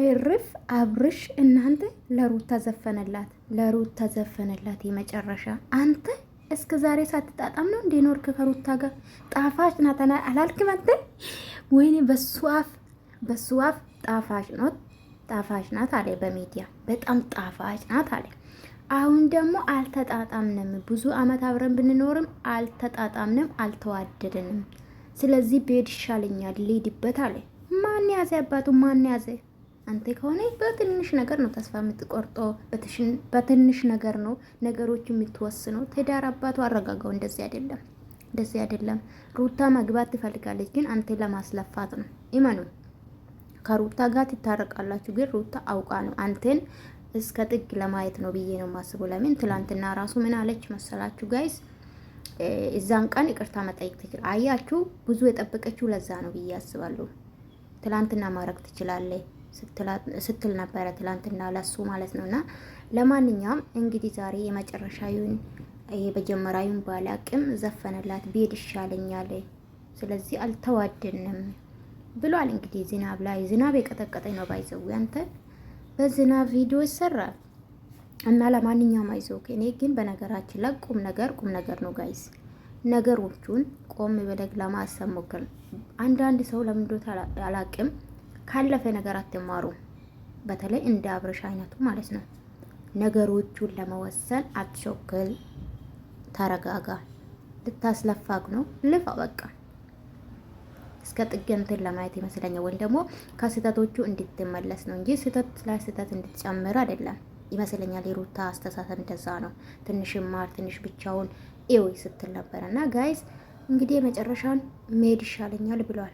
እርፍ አብርሽ እናንተ ለሩታ ዘፈነላት፣ ለሩታ ዘፈነላት። የመጨረሻ አንተ እስከ ዛሬ ሳትጣጣም ነው እንዴ ኖርክ ከሩታ ጋር? ጣፋጭ ናት አላልክም አንተ? ወይኔ በሱ አፍ በሱ አፍ ጣፋጭ ናት፣ ጣፋጭ ናት አለ በሚዲያ በጣም ጣፋጭ ናት አለ። አሁን ደግሞ አልተጣጣምንም፣ ብዙ አመት አብረን ብንኖርም አልተጣጣምንም፣ አልተዋደደንም። ስለዚህ ብሄድ ይሻለኛል፣ ልሂድበት አለ። ማን ያዘ አባቱ? ማን ያዘ? አንተ ከሆነ በትንሽ ነገር ነው ተስፋ የምትቆርጠው፣ በትንሽ ነገር ነው ነገሮች የምትወስነው። ትዳር አባቱ አረጋጋው። እንደዚህ አይደለም፣ እንደዚህ አይደለም። ሩታ መግባት ትፈልጋለች፣ ግን አንተ ለማስለፋት ነው። ይመኑ ከሩታ ጋር ትታረቃላችሁ፣ ግን ሩታ አውቃ ነው አንተን እስከ ጥግ ለማየት ነው ብዬ ነው ማስቡ። ለምን ትላንትና ራሱ ምን አለች መሰላችሁ ጋይስ? እዛን ቀን ይቅርታ መጠየቅ ትችል አያችሁ። ብዙ የጠበቀችው ለዛ ነው ብዬ አስባለሁ። ትላንትና ማድረግ ትችላለች። ስትል ነበረ ትላንትና ለሱ ማለት ነው። እና ለማንኛውም እንግዲህ ዛሬ የመጨረሻዩን የመጀመሪያዩን ባለ አቅም ዘፈነላት ብሄድ ይሻለኛል፣ ስለዚህ አልተዋደንም ብሏል። እንግዲህ ዝናብ ላይ ዝናብ የቀጠቀጠኝ ነው ባይዘው ያንተ በዝናብ ቪዲዮ ይሰራል እና ለማንኛውም አይዘው እኔ ግን በነገራችን ላይ ቁም ነገር ቁም ነገር ነው ጋይስ ነገሮቹን ቆም ብለህ ለማሰብ ሞክር። አንዳንድ ሰው ለምንዶት አላቅም ካለፈ ነገር አትማሩ። በተለይ እንደ አብረሽ አይነቱ ማለት ነው። ነገሮቹን ለመወሰን አትሾክል፣ ተረጋጋ። ልታስለፋግ ነው፣ ልፋ በቃ እስከ ጥግ ለማየት ይመስለኛል። ወይም ደግሞ ከስህተቶቹ እንድትመለስ ነው እንጂ ስህተት ላይ ስህተት እንድትጨምር አይደለም ይመስለኛል። የሩታ አስተሳሰብ እንደዛ ነው። ትንሽ ማር ትንሽ ብቻውን ኤወይ ስትል ነበረ እና ጋይዝ እንግዲህ የመጨረሻን መሄድ ይሻለኛል ብሏል።